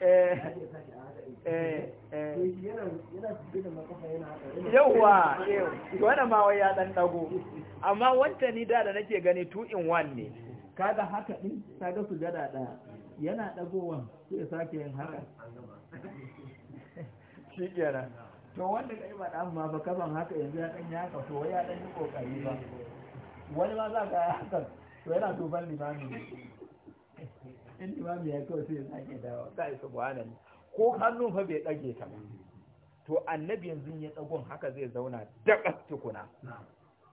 eh, eh, yauwa wani ma wai ya ɗan ɗago amma wancan ni da da nake gani 2 in 1 ne kaga haka din kaga su gada daya yana dagowa sai ya sake yin haka shi kenan to wanda kai ba dan ma ba kaban haka yanzu ya dan haka to ya dan yi kokari ba wani ma za ka haka to yana tuban ni in mi ya kawai sai ya sake dawo kai subhanan ko hannu fa bai dage ta ba to annabi yanzu ya dagon haka zai zauna dakas tukuna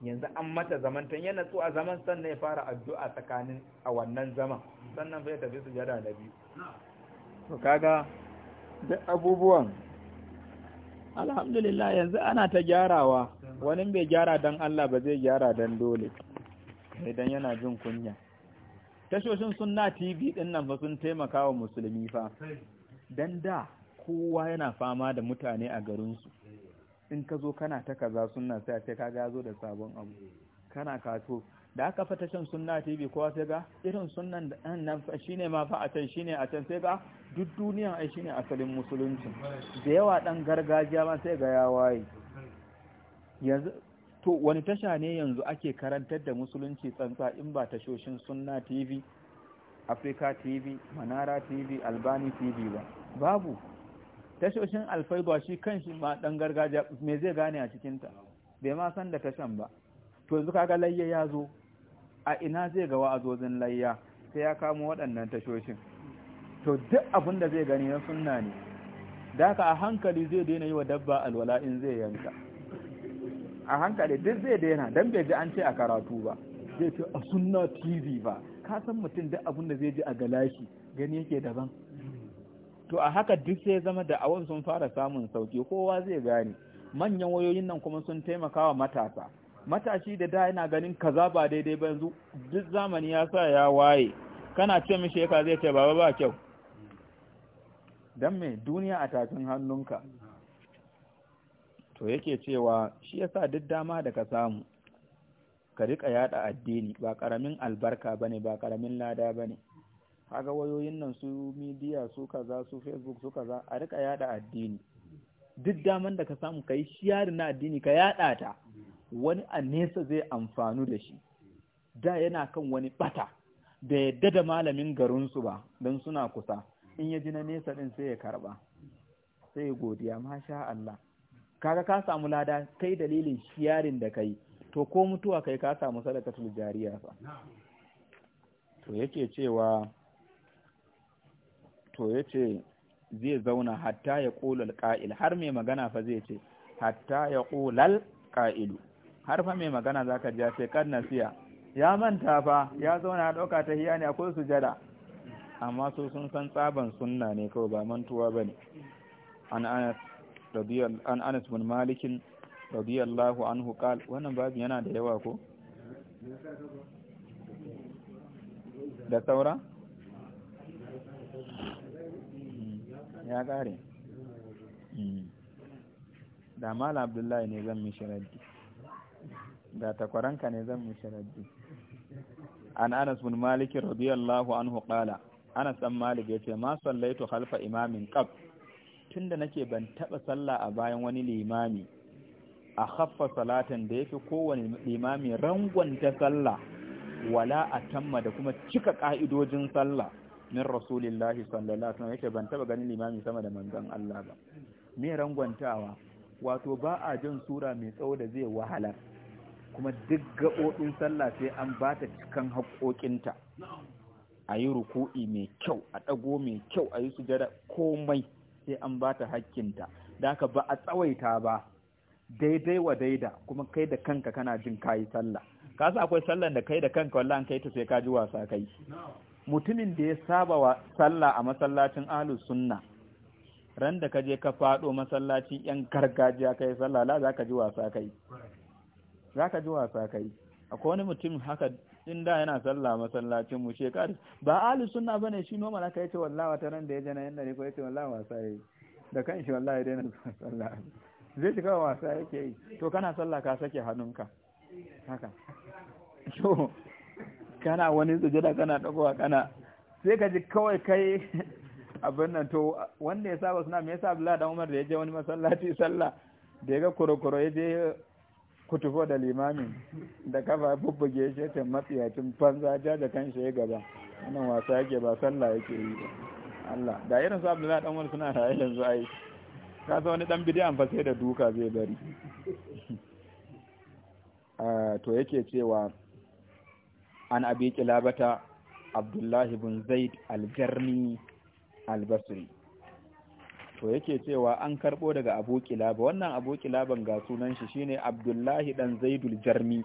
yanzu an mata zaman zamantan yana so a zaman sannan ya fara addu'a tsakanin a wannan zaman sannan bai tafi su jada da biyu to kaga da abubuwan alhamdulillah yanzu ana ta gyarawa wani bai gyara don Allah ba zai gyara don dole idan yana jin kunya tashoshin sunna tv din nan fa sun taimaka wa musulmi fa dan da kowa yana fama da mutane a garinsu in ka zo kana ta kaza sunna sai ce ka ga zo da sabon abu kana kato da aka fata shan sunna TV kowa sai ga irin sunnan da nan shine ma fa a can shine a can sai ga duk duniyan ai shine asalin musulunci da yawa dan gargajiya ma sai ga ya waye yanzu to wani tasha ne yanzu ake karantar da musulunci tsantsa in ba tashoshin sunna TV Africa TV Manara TV Albani TV ba babu tashoshin ba shi kanshi ma dan gargajiya me zai gane a cikinta bai ma san da tashan ba to yanzu kaga layya ya zo a ina zai ga wa'azozin layya sai ya kamo waɗannan tashoshin to duk abin da zai gani na sunna ne da haka a hankali zai daina yi wa dabba alwala in zai yanka a hankali duk zai daina don bai ji an ce a karatu ba zai ce a sunna tv ba ka san mutum duk abin da zai ji a galashi gani yake daban to a haka duk sai zama da awon sun fara samun sauki kowa zai gane manyan wayoyin nan kuma sun taimaka wa matasa matashi da da yana ganin kaza ba daidai ba yanzu duk zamani ya sa ya waye kana ce mi sheka zai ce baba ba kyau dan me duniya a tafin hannunka to yake cewa shi yasa duk dama da ka samu ka rika yada addini ba karamin albarka bane ba karamin lada bane kaga wayoyin nan su midiya su kaza su facebook su kaza a rika yada addini duk daman da ka samu ka yi shiyari na addini ka yada ta wani a nesa zai amfanu da shi da yana kan wani bata da yadda da malamin garin su ba don suna kusa in ya ji na nesa din sai ya karba sai ya godiya masha Allah kaga ka samu lada kai dalilin shiyarin da kai to ko mutuwa kai ka samu sadakatul jariya fa to yake cewa to ya ce zai zauna hatta ya ƙulal ƙa'il har mai magana fa zai ce hatta ya ƙulal ƙa'ilu har fa mai magana za ka ji sai kan nasiya ya manta fa ya zauna ya ɗauka ta hiya ne akwai sujada amma su sun san tsaban sunna ne kawai ba mantuwa ba ne an anas bin malikin radiyallahu anhu qal wannan babu yana da yawa ko da saura ya ƙare mm. da mala abdullahi ne zan mishi raddi da takwaranka ne zan mishi raddi an anas bin radiyallahu anhu ƙala, anas dan malik yace ma sallaitu khalfa imamin qab tunda nake ban taba sallah a bayan wani limami a khaffa salatan da yafi kowane limami rangon ta sallah wala atamma da kuma cika ka'idojin sallah min rasulillahi sallallahu alaihi wasallam ban taba ganin limami sama da manzon Allah ba me rangwantawa wato ba a jin sura mai tsawo da zai wahala kuma duk gaɓoɓin sallah sai an ba ta cikan haƙoƙinta a yi ruku'i mai kyau a ɗago mai kyau a yi sujada komai sai an ba ta haƙƙinta. da aka ba a tsawaita ba daidai wa daida kuma kai da kanka kana jin kayi sallah ka akwai sallan da kai da kanka wallan kai ta sai ka ji wasa kai mutumin da ya saba wa sallah a masallacin ahlu sunna ran da ka je ka fado masallaci yan gargajiya kai sallah la zaka ji wasa kai zaka ji wasa kai akwai wani mutum haka in da yana sallah masallacin mu shekaru ba ahlu sunna bane shi noma na kai ce wallahi ta ran da ya jana yanda ne ko yace wallahi wasa yayi da kanshi wallahi ya daina sallah zai shiga wasa yake yi to kana sallah ka sake hannunka haka kana wani sujada kana dagowa kana sai ka ji kawai kai [LAUGHS] abin nan to wanda ya saba suna me yasa Abdullahi dan Umar da ya je wani masallaci [LAUGHS] sallah da ya ga kurokuro ya je kutufo da limamin da kafa bubbuge shi ta matsiyacin fanza ja da kan shi ya gaba wannan wasa yake ba sallah yake yi ba Allah da irin su Abdullahi dan Umar suna [LAUGHS] raye yanzu ai ka san wani dan bidiyan fa sai da duka zai bari ah, to yake cewa an abi kilabata abdullahi bin zaid aljarmi albasri to yake cewa an karbo daga abu kilaba wannan abu kilaban ga sunan shi shine abdullahi dan zaidul jarmi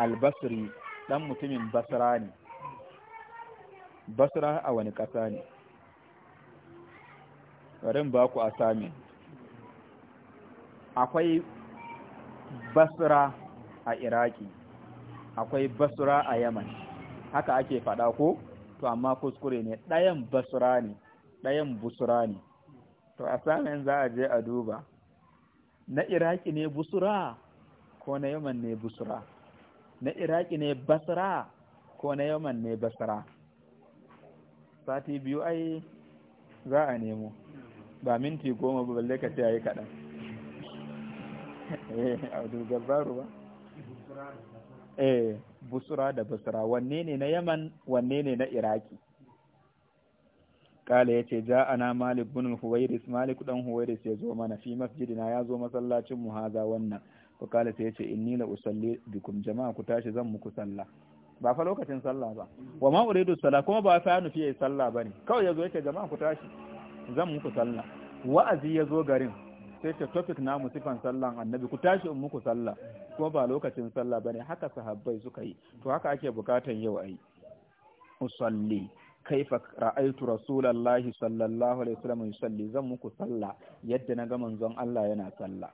albasri dan mutumin basra ne basra a wani ƙasa ne garin ba ku a sami akwai basra a iraki akwai basura a yaman haka ake faɗa ko to amma kuskure ne ɗayan basura ne ɗayan busura ne to a samun za a je a duba na iraki ne busura ko na yaman ne busura na iraki ne basura ko na yaman ne basura, sati biyu ai za a nemo ba minti goma ba balle ka ce yi kaɗan [LAUGHS] eh abu gabaru ba eh busra da busra wanne ne na yaman wanne ne na iraki kala yace na malik bin huwairis malik dan huwairis ya zo mana fi masjidina ya zo masallacin mu haza wannan to kala sai yace inni la usalli bikum jama'a ku tashi zan muku sallah ba fa lokacin sallah ba wa ma uridu sallah kuma ba fa nufi yayi sallah bane kawai ya ya ce jama'a ku tashi zan muku sallah wa'azi ya zo garin sai ta topic na musifan sallan annabi ku tashi in muku sallah kuma ba lokacin sallah bane haka sahabbai suka yi to haka ake bukatan yau ai usalli kaifa ra'aytu rasulallahi sallallahu alaihi wasallam yusalli zan muku sallah yadda na ga manzon Allah yana sallah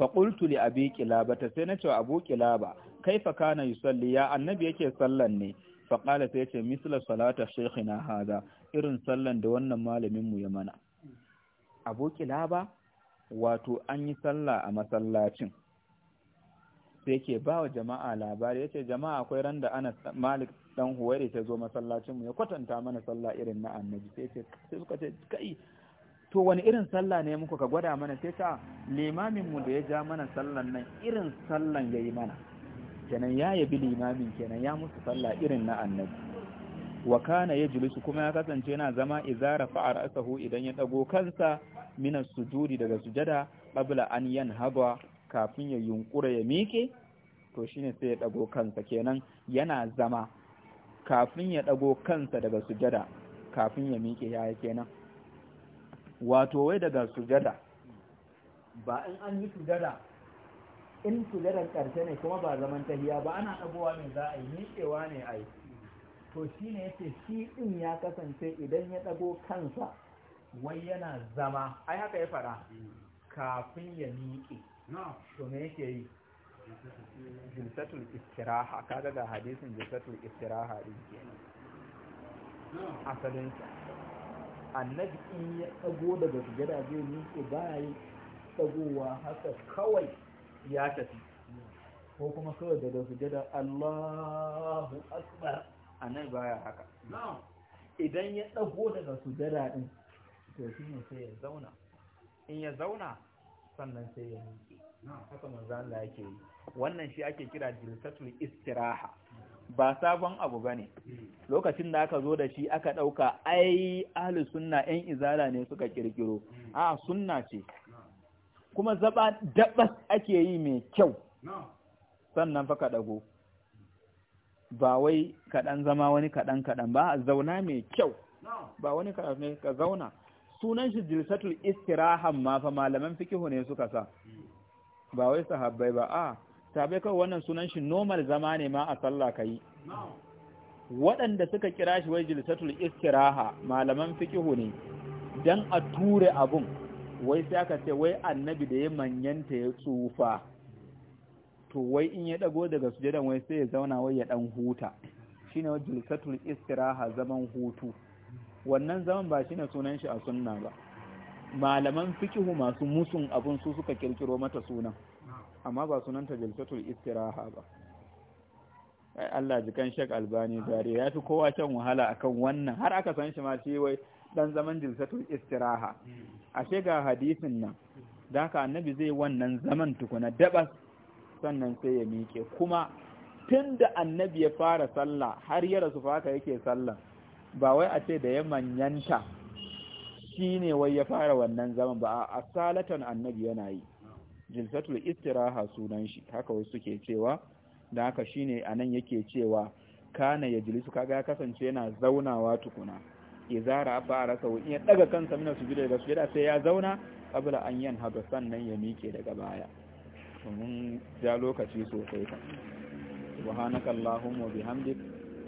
faƙultu li abi kilaba ta sai na ce abu kilaba kaifa kana yusalli ya annabi yake sallan ne faƙala sai yace misla salata shekhi na hada irin sallan da wannan malamin mu ya mana abu kilaba wato an yi sallah a masallacin sai ke ba wa jama'a labari ya ce jama'a akwai ran da ana malik dan huwairi ta zo masallacin mu ya kwatanta mana sallah irin na annabi sai ce sai suka ce kai to wani irin sallah ne muku ka gwada mana sai ta limamin mu da ya ja mana sallan nan irin sallan yayi mana kenan ya yabi limamin kenan ya musu sallah irin na annabi wa kana yajlisu kuma ya kasance yana zama izara fa'a ra'sahu idan ya dago kansa minan sujudi daga sujada ɓabla an yan yanhada kafin ya yunkura ya miƙe to shine sai ya ɗago kansa kenan yana zama kafin ya ɗago kansa daga sujada kafin ya miƙe yi kenan wato wai daga sujada ba in an yi sujada in sujadar ƙarshe ne kuma ba zaman tahiya ba ana ɗagowa ne za a yi miƙewa ne a yi to shi ne ce shi ɗin ya kasance idan ya ɗago kansa wai yana zama ai haka ya fara kafin ya miƙe to me yake yi jinsatul istiraha Ka ga hadisin jinsatul istiraha din kenan asalin annabi in ya tsago daga sujada zai miƙe ba yi tsagowa haka kawai ya tafi ko kuma kawai daga sujada Allahu akbar annabi baya haka idan ya tsago daga sujada din to shi ne sai ya zauna in ya zauna sannan sai ya miƙe haka manzo da yake yi wannan shi ake kira jilsatul istiraha ba sabon abu bane lokacin da aka zo da shi aka dauka ai ahli sunna ɗan izala ne suka kirkiro a sunna ce kuma zaba dabas ake yi mai kyau sannan fa ka dago ba wai kaɗan zama wani kaɗan kaɗan ba zauna mai kyau ba wani ka zauna sunan shi jilsatul istirahan ma fa malaman fikihu ne suka sa ba wai sahabbai ba a tabe kawai wannan sunan shi normal zama ne ma a sallah kai waɗanda suka kira shi wai jilsatul istiraha malaman fikihu ne dan a ture abun wai sai aka ce wai annabi da ya manyanta ya tsufa to wai in ya dago daga sujadan wai sai ya zauna wai ya dan huta shine jilsatul istiraha zaman hutu wannan zaman ba shine sunan shi a sunna ba malaman fikihu masu musun abun su suka kirkiro mata sunan amma ba sunan ta jalsatul istiraha ba ai Allah jikan Sheikh Albani zare ya fi kowa can wahala akan wannan har aka san shi ma shi wai dan zaman jalsatul istiraha ashe ga hadisin nan da haka annabi zai wannan zaman tukuna dabas sannan sai ya mike kuma tunda annabi ya fara sallah har ya rasu fa haka yake sallah ba wai a ce da ya manyanta shi ne wai ya fara wannan zaman ba a asalatan annabi yana yi jilsatul istiraha sunan shi haka wasu suke cewa da haka shi ne a nan yake cewa kana ya jilisu kaga ya kasance yana zaunawa tukuna izara ba rasa in ya daga kansa mina sujuda da sujuda sai ya zauna kabla an yan haɗa sannan ya miƙe daga baya mun ja lokaci sosai ka subhanakallahumma bihamdika